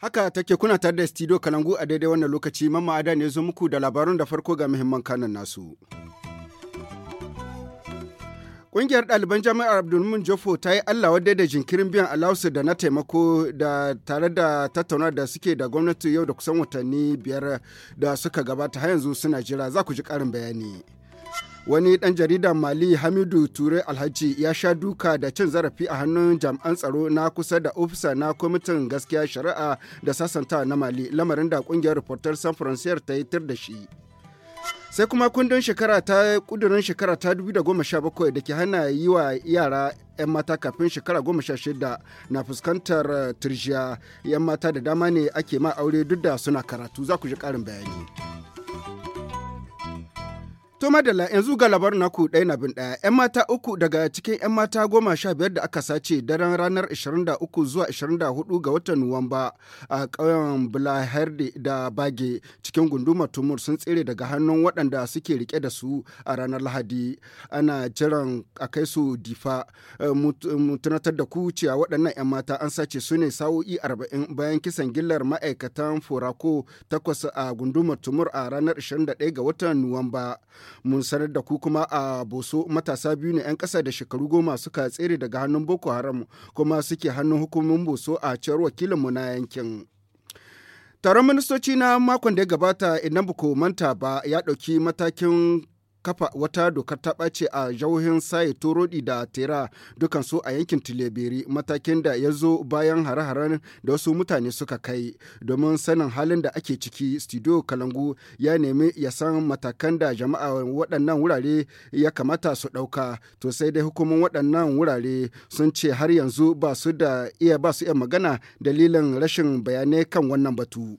Haka take kuna tare da studio Kalangu a daidai wannan lokaci mamma ada ne zo muku da labarun da farko ga muhimman kanan nasu. Ƙungiyar ɗaliban jami'ar Abdulmumin Jofo ta yi Allah wadda da jinkirin biyan alawusu da na taimako da tare da tattauna da suke da gwamnati yau da kusan watanni biyar da suka gabata har yanzu suna jira za ku ji ƙarin bayani. Wani ɗan jaridar Mali Hamidu Ture Alhaji ya sha duka da cin zarafi a hannun jami'an tsaro na kusa da ofisa na kwamitin gaskiya shari'a da sasanta na Mali lamarin da ƙungiyar Reporters San Francisco ta yi tir da shi. sai kuma kundin shekara ta kudurin shekara ta 2017 da ke hana yi wa yara 'yan mata kafin shekara 16 na fuskantar turjiya 'yan mata da dama ne ake ma aure duk da suna karatu za ku ji karin bayani. To madalla yanzu ga labar naku ɗaya na bin ɗaya, ‘yan mata uku daga cikin ‘yan mata goma sha biyar da aka sace daren ranar 23 zuwa 24 ga watan Nuwamba a ƙauyen Bulaherde da Bage cikin gunduma Tumur sun tsere daga hannun waɗanda suke rike da su a ranar Lahadi. Ana jiran a kai su difa eh, mutunatar da ku cewa waɗannan ‘yan mata an sace su ne sa'o'i arba'in bayan kisan gillar ma'aikatan furako takwas a gunduma Tumur a ranar 21 ga watan Nuwamba. mun sanar da ku kuma a boso matasa biyu ne 'yan ƙasa da shekaru goma suka tsere daga hannun boko haram kuma suke hannun hukumomin boso a cewar wakilinmu na yankin. Taron ministoci na makon da ya gabata idan ba manta ba ya ɗauki matakin kafa wata dokar ta ɓace a jauhin saye turodi da tera dukan su a yankin tileberi matakin da ya zo bayan hare-haren da wasu mutane suka kai domin sanin halin da ake ciki studio kalangu ya nemi ya san matakan da jama'a waɗannan wurare ya kamata su ɗauka to sai dai hukumin waɗannan wurare sun ce har yanzu ba su da iya ba su iya magana dalilin rashin bayanai kan wannan batu.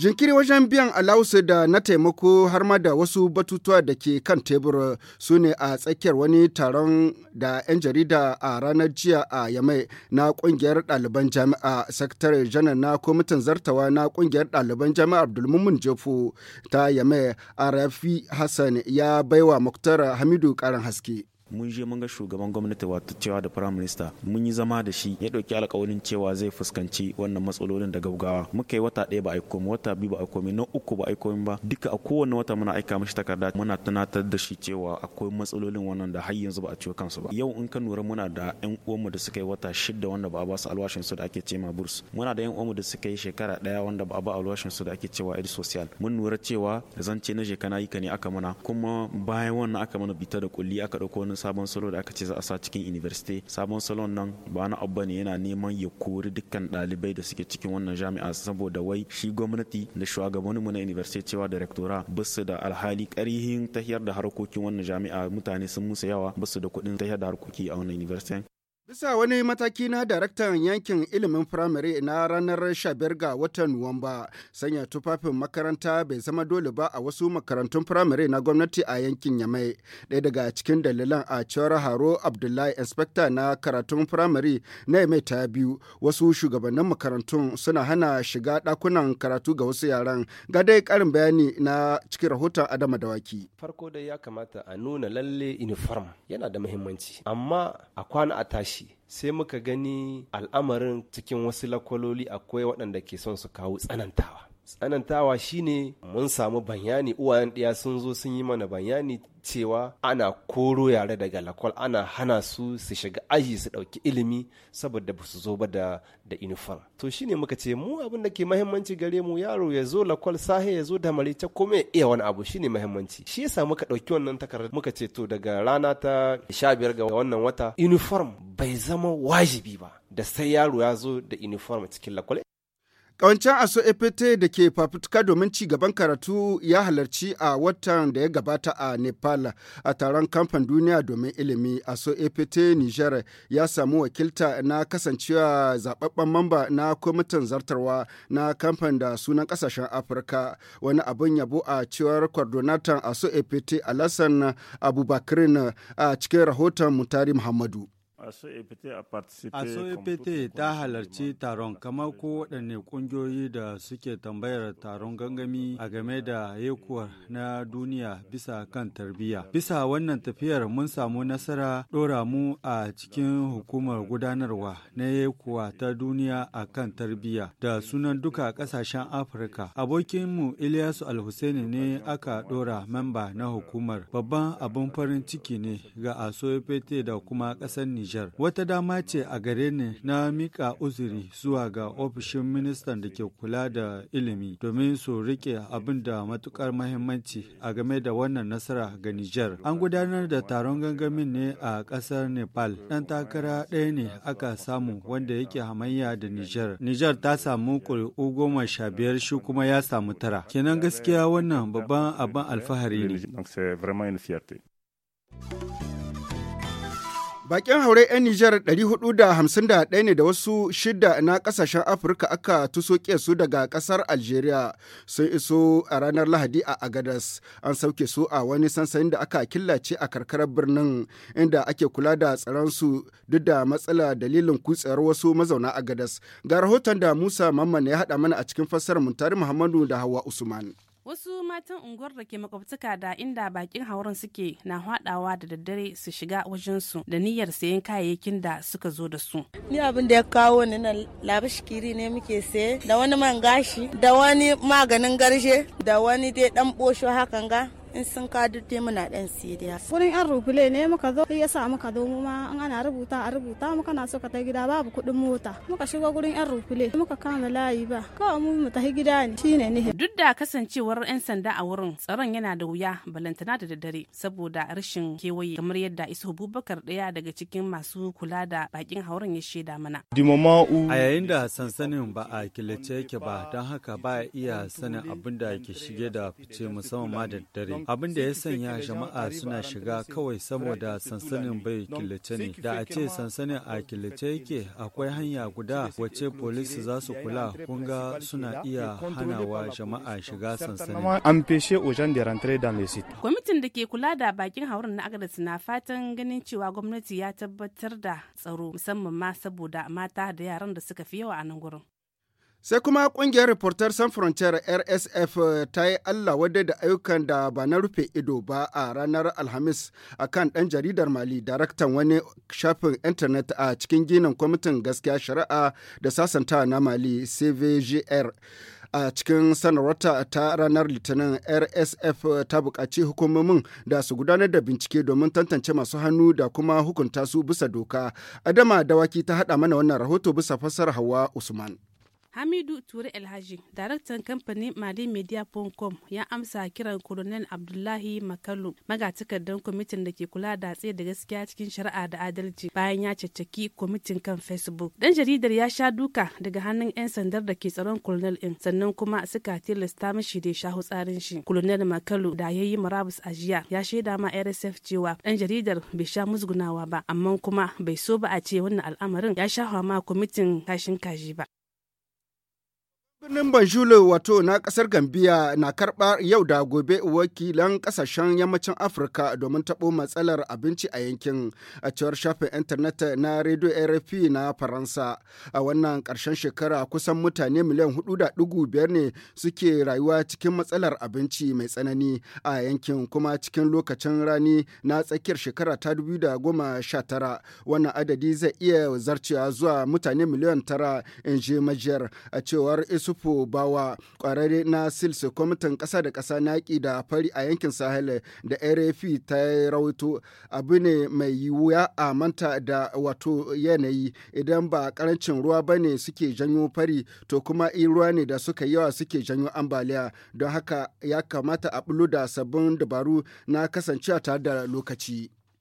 jinkiri wajen biyan alausu da na taimako har ma da wasu batutuwa da ke kan tebur su ne a tsakiyar wani taron da 'yan jarida a ranar jiya a yamai na kungiyar ɗaliban jami'a sakatare janar na kwamitin zartawa na kungiyar ɗaliban jami'a abdulmumin jefu ta yamai arafi hassan ya baiwa muktar hamidu karin haske mun je mun ga shugaban gwamnati wato cewa da prime minister mun yi zama da shi ya dauki alƙawarin cewa zai fuskanci wannan matsalolin da gaugawa muka yi wata ɗaya ba aiko mu wata biyu ba aiko mu na uku ba aiko ba duka a kowane wata muna aika mishi takarda muna tunatar da shi cewa akwai matsalolin wannan da har yanzu ba a ciwo kansu ba yau in ka lura muna da yan uwanmu da suka yi wata shida wanda ba a ba su alwashin su da ake cewa burs muna da yan uwanmu da suka yi shekara ɗaya wanda ba a ba alwashin su da ake cewa aid social mun lura cewa zance na je kana yi ka ne aka mana kuma bayan wannan aka mana bita da kulli aka dauko wani sabon salo da aka ce za a sa cikin university sabon salon nan ba na abba ne yana neman ya kori dukkan dalibai da suke cikin wannan jami'a saboda wai shi gwamnati da shugabanninmu na university cewa directora basu da alhali karihin tahiyar da harkokin wannan jami'a mutane sun musu yawa basu da kuɗin tahiyar da harkoki a wannan university Bisa wani mataki na daraktan yankin ilimin firamare na ranar 15 ga watan Nuwamba, sanya tufafin makaranta bai zama dole ba a wasu makarantun firamare na gwamnati a yankin Yamai. daya daga cikin dalilan a cewar Haro Abdullahi Inspector na karatun firamare na Yamai ta biyu, wasu shugabannin makarantun suna hana shiga ɗakunan karatu ga wasu yaran. Ga dai ƙarin bayani na cikin rahoton Adama Dawaki. Farko dai ya kamata a nuna lalle uniform yana da muhimmanci, amma a kwana a tashi sai muka gani al'amarin cikin wasu lakwaloli akwai waɗanda ke son su kawo tsanantawa tsanantawa shine mun samu bayani uwayen ɗaya sun zo sun yi mana bayani cewa ana koro yare daga lakwal ana hana su su shiga aji su ɗauki ilimi saboda ba su zo ba da da inifar to shine muka ce mu abin da ke mahimmanci gare mu yaro ya zo lakwal sahe ya zo da marice kuma ya iya wani abu shine mahimmanci shi yasa muka ɗauki wannan takarda. muka ce to daga rana ta sha biyar ga wannan wata uniform bai zama wajibi ba da sai yaro ya zo da uniform cikin lakwal ƙawancin Aso Efete da ke fafutuka domin ci gaban karatu ya halarci a watan da ya gabata a Nepal a taron kamfan duniya domin ilimi Aso Efete Niger ya samu wakilta na kasancewa zababben mamba na kwamitin zartarwa na kamfan da sunan kasashen Afirka wani abin yabo a cewar coordinator Aso Efete Alassan Abubakarin a cikin rahoton Mutari Muhammadu. A apt e e ta halarci taron kamar ko waɗanne ƙungiyoyi da suke tambayar taron gangami a game da yekuwar na duniya bisa kan tarbiyya. Bisa wannan tafiyar mun samu nasara ɗora mu a cikin hukumar gudanarwa na yekuwa ta duniya a kan tarbiyya da sunan duka ƙasashen Afirka. Abokinmu Ilyasu Alhussaini ne aka ɗora memba na hukumar. Babban abin farin ciki ne ga ASOEPT da kuma ƙasar Nijar. Nijar. Wata dama ce a gare ni na mika uzuri zuwa ga ofishin ministan da ke kula da ilimi domin su rike abin da matukar mahimmanci a game da wannan nasara ga Nijar. An gudanar da taron gangamin ne a kasar Nepal. dan takara ɗaya ne aka samu wanda yake hamayya da Nijar. Nijar ta samu kuri'u goma sha biyar shi kuma ya samu tara. Kenan gaskiya wannan babban abin alfahari ne. Bakin haure 'yan Nijar 451 ne da wasu shida na kasashen Afirka aka tusoke su daga kasar Algeria sun iso a ranar Lahadi a Agadas. An sauke su a wani sansanin da aka killace a karkarar birnin inda ake kula da tsaransu duk da matsala dalilin kutsiyar wasu mazauna Agadas. Ga rahoton da Musa Mamman ya haɗa mana a cikin fassarar Muntari Muhammadu da Hawa Usman. Wasu matan unguwar da ke makwabtaka da inda bakin hauren suke na hwadawa da daddare su shiga wajensu da niyyar sayen kayayyakin da suka zo da su. Ni abin da ya kawo ni na labashikiri ne muke saye da wani man gashi da wani maganin garshe da wani dai dan bosho hakan ga in sun ka dai muna dan siriya wurin yan rubule ne muka zo ya sa muka zo mu ma an ana rubuta a rubuta muka na so ka ta gida babu kudin mota muka shiga gurin yan rubule muka kama layi ba kawai mu mu tafi gida ne shine ne duk da kasancewar yan sanda a wurin tsaron yana da wuya balantana da daddare saboda rashin kewaye kamar yadda isu bubakar daya daga cikin masu kula da bakin hauren ya shaida mana a yayin da sansanin ba a killace yake ba don haka ba iya sanin abin da ke shige da fice musamman ma da daddare abin da ya sanya jama'a suna shiga kawai saboda sansanin bai killace ne da a ce sansanin a killace yake akwai hanya guda wace polisi za su kula kunga suna iya hanawa jama'a shiga sansanin kwamitin da ke kula da bakin haurin na agadas na fatan ganin cewa gwamnati ya tabbatar da tsaro musamman ma saboda mata da yaran da suka fi yawa a nan gurin Sai kuma kungiyar reporter San Frontier RSF ta yi Allah wadda da ayyukan da ba na rufe ido ba a ranar Alhamis a kan ɗan jaridar Mali, daraktan wani shafin intanet a cikin ginin kwamitin gaskiya shari'a da sasanta na Mali CVGR. a cikin sanarwarta ta ranar litinin rsf ta bukaci hukumomin da su gudanar da bincike domin tantance masu hannu da kuma hukunta su bisa doka adama dawaki ta haɗa mana wannan rahoto bisa fasar hawa usman Hamidu Ture Alhaji, daraktan kamfanin Mali media Media.com ya amsa kiran Colonel Abdullahi Makalu, magatakardan kwamitin da ke kula da tsaye da gaskiya cikin shari'a da adalci bayan ya cecaki kwamitin kan Facebook. Dan jaridar ya sha duka daga hannun 'yan sandar da ke tsaron Colonel in sannan kuma suka tilasta mashi da sha hutsarin shi. Colonel Makalu da ya yi murabus a jiya ya shaida ma RSF cewa dan jaridar bai sha musgunawa ba amma kuma bai so ba a ce wannan al'amarin ya sha ma kwamitin kashin kaji ba. Birnin Banjulu wato na kasar Gambiya na karɓa yau da gobe wakilan kasashen yammacin Afirka domin tabo matsalar abinci a yankin a cewar shafin intanet na Radio RFI na Faransa. A wannan karshen shekara kusan mutane miliyan biyar ne suke rayuwa cikin matsalar abinci mai tsanani a yankin kuma cikin lokacin rani na tsakiyar shekara ta sha tara Wannan adadi zai iya zarcewa zuwa mutane miliyan tara in je majiyar a cewar iso yusufu bawa kwararre na sils kwamitin ƙasa da ƙasa na yaƙi da fari a yankin sahel da rfi ta rawaito abu ne mai yiwuya a manta da wato yanayi idan ba karancin ruwa ba ne suke janyo fari to kuma in ruwa ne da suka yawa suke janyo ambaliya don haka ya kamata a bulu da sabbin dabaru na kasancewa tare da lokaci.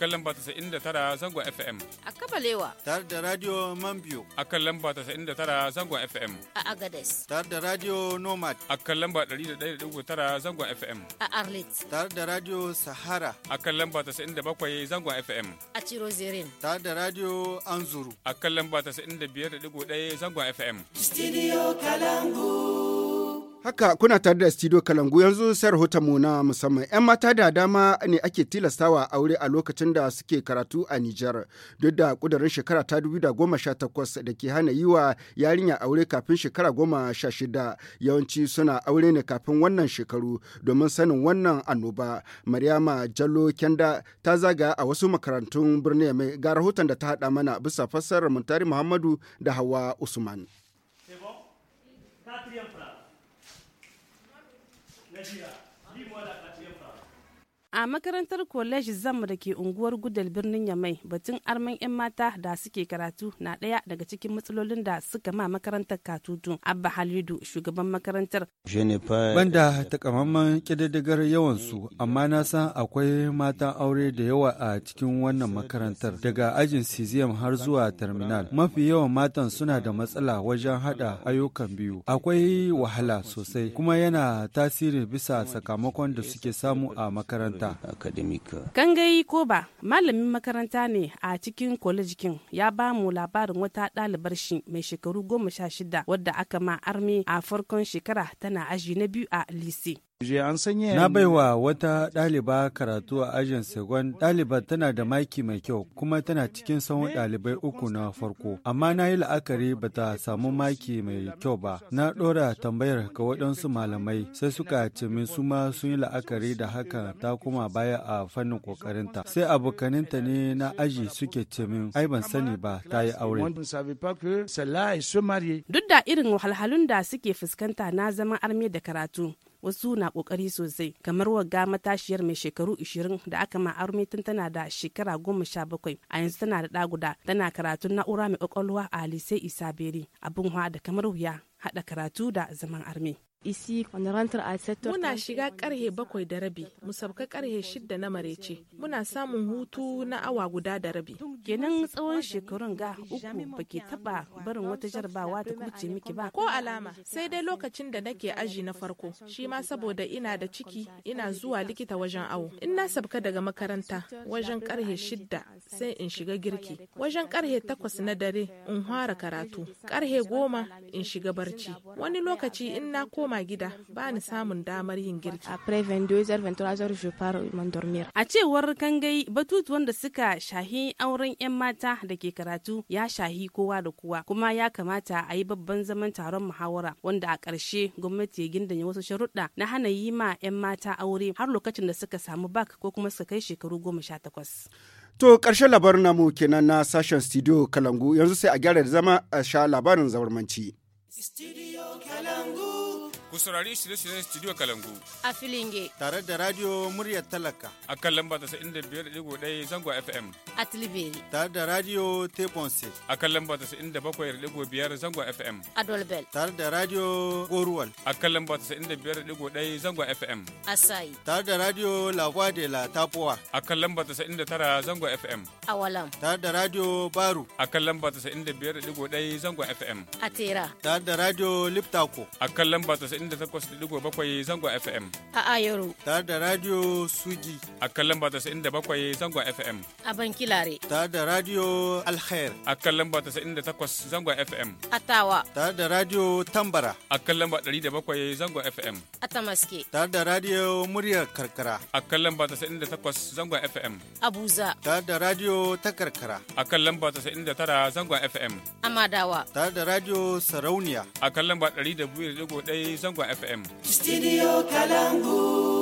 kan lamba 99 zangon FM. A Kabalewa. Tare da Radio Mambio. A kan lamba 99 zangon FM. A Agades. Tare da Radio Nomad. A kan lamba 101.9 zangon FM. A Arlit. Tare da Radio Sahara. A kan lamba 97 zangon FM. A Tirozirin. Tare da Radio Anzuru. A da lamba 95.1 zangon FM. Studio Kalangu. Haka kuna tare da studio Kalangu yanzu sai rahoton mu na musamman. 'Yan mata da dama ne ake tilastawa aure a lokacin da suke karatu a Nijar. Duk da kudurin shekara ta 2018 da ke hana yi wa yarinya aure kafin shekara goma sha shida yawanci suna aure ne kafin wannan shekaru domin sanin wannan annoba. Maryama Jallo Kenda ta zaga a wasu makarantun birni mai ga rahoton da ta haɗa mana bisa fassarar Muntari Muhammadu da Hawa Usman. dis-moi la A makarantar College Zamu da ke unguwar Gudal birnin Yamai batun arman 'yan mata da suke karatu na ɗaya daga cikin matsalolin da suka ma makarantar katutu. Abba Halidu shugaban makarantar. Banda takamaiman yawan yawansu amma na san akwai mata aure da yawa a cikin wannan makarantar daga ajin CZM har zuwa terminal. Mafi yawan matan suna da matsala wajen haɗa ayyukan biyu. Akwai wahala sosai kuma yana tasiri bisa sakamakon da suke samu a makarantar. makaranta. Kangayi ko ba malamin makaranta ne a cikin kwalejikin ya ba mu labarin wata ɗalibar shi mai shekaru goma sha shida wadda aka ma armi a farkon shekara tana aji na biyu a lise. Na baiwa wata ɗaliba karatu a ajin Segon, ɗalibar tana da maki mai kyau kuma tana cikin sauran ɗalibai uku na farko. Amma na yi la'akari ba ta samu maki mai kyau ba. Na ɗora tambayar ga waɗansu malamai sai suka ce min su ma sun yi la'akari da haka ta kuma baya a fannin ƙoƙarinta. Sai abokaninta ne na aji suke ce min ai ban sani ba ta yi aure. Duk da irin wahalhalun da suke fuskanta na zama armi da karatu, wasu na kokari sosai kamar wagga matashiyar mai shekaru 20 da aka ma arme tun tana da shekara goma sha bakwai a yanzu tana da ɗa guda tana karatun na'ura mai kwakwalwa a lise isaberi abin da kamar wuya hada karatu da zaman arme Isi Muna shiga karhe bakwai da rabi, mu sabka karhe shidda na marece. Muna samun hutu na awa guda da rabi. Kenan tsawon shekarun ga uku baki taba barin wata jarabawa ta kurce miki ba. Ko alama, sai dai lokacin da nake aji na farko, shi ma saboda ina da ciki ina zuwa likita wajen awo. In na sabka daga makaranta wajen karhe shidda sai in shiga girki. Wajen karhe takwas na dare in fara karatu. Karhe goma in shiga barci. Wani lokaci in na koma koma gida ba ni samun damar yin girki. A cewar kangai batutuwan da suka shahi auren 'yan mata da ke karatu ya shahi kowa da kowa kuma ya kamata a yi babban zaman taron muhawara wanda a karshe gwamnati ya gindanya wasu sharuɗa na hana yi ma 'yan mata aure har lokacin da suka samu bak ko kuma suka kai shekaru goma sha takwas. To ƙarshen labarin namu kenan na sashen studio Kalangu yanzu sai a gyara da zama a sha labarin zaurmanci. Studio Kalangu. Ku saurari shirye-shiryen Studio Kalangu. A Filinge. Tare da Radio murya Talaka. A kan lamba 95.1 zangon FM. A Tilibiri. Tare da Radio teponse A kan lamba 97.5 zangon FM. A Dolbel. Tare da Radio Goruwal. A kan lamba 95.1 zangon FM. A Sai. Tare da Radio Lagwa de la Tapuwa. A kan lamba 99 zangon FM. A Walam. Tare da Radio Baru. A kan lamba 95.1 zangon FM. A Tera. Tare da Radio Liptako. A kan lamba 98.7 zango FM. A Ayoro. Tare da Radio Sugi. A kan lamba 97 zango FM. A Bankilare. Tare da Radio Alkhair. A kan lamba 98 zango FM. A Tawa. Tare da Radio Tambara. A kan lamba 107 zango FM. A Tamaske. Tare da Radio Muryar Karkara. A kan lamba 98 zango FM. A Buza. Tare da Radio ta Karkara. A kan lamba 99 zango FM. A Madawa. Tare da Radio Sarauniya. A kan lamba 100.1 zangon zangon FM. Studio Kalangu.